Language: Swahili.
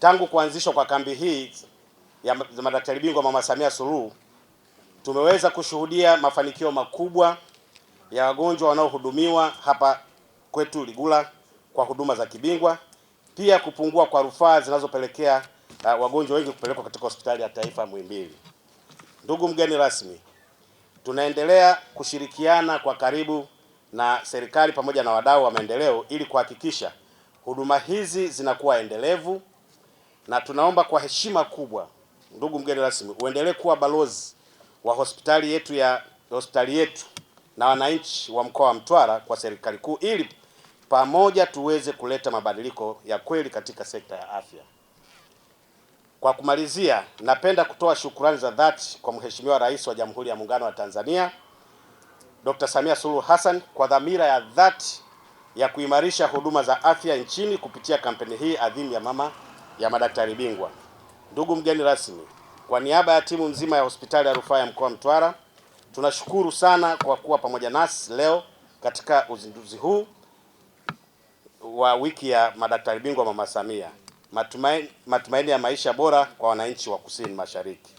Tangu kuanzishwa kwa kambi hii ya madaktari bingwa Mama Samia Suluhu tumeweza kushuhudia mafanikio makubwa ya wagonjwa wanaohudumiwa hapa kwetu Ligula kwa huduma za kibingwa, pia kupungua kwa rufaa zinazopelekea uh, wagonjwa wengi kupelekwa katika hospitali ya taifa Muhimbili. Ndugu mgeni rasmi, tunaendelea kushirikiana kwa karibu na serikali pamoja na wadau wa maendeleo ili kuhakikisha huduma hizi zinakuwa endelevu na tunaomba kwa heshima kubwa, ndugu mgeni rasmi, uendelee kuwa balozi wa hospitali yetu ya hospitali yetu na wananchi wa mkoa wa Mtwara kwa serikali kuu, ili pamoja tuweze kuleta mabadiliko ya kweli katika sekta ya afya. Kwa kumalizia, napenda kutoa shukrani za dhati kwa Mheshimiwa Rais wa Jamhuri ya Muungano wa Tanzania Dr. Samia Suluhu Hassan kwa dhamira ya dhati ya kuimarisha huduma za afya nchini kupitia kampeni hii adhimu ya Mama ya madaktari bingwa. Ndugu mgeni rasmi, kwa niaba ya timu nzima ya hospitali ya rufaa ya mkoa wa Mtwara tunashukuru sana kwa kuwa pamoja nasi leo katika uzinduzi huu wa wiki ya madaktari bingwa Mama Samia, matumaini, matumaini ya maisha bora kwa wananchi wa Kusini Mashariki.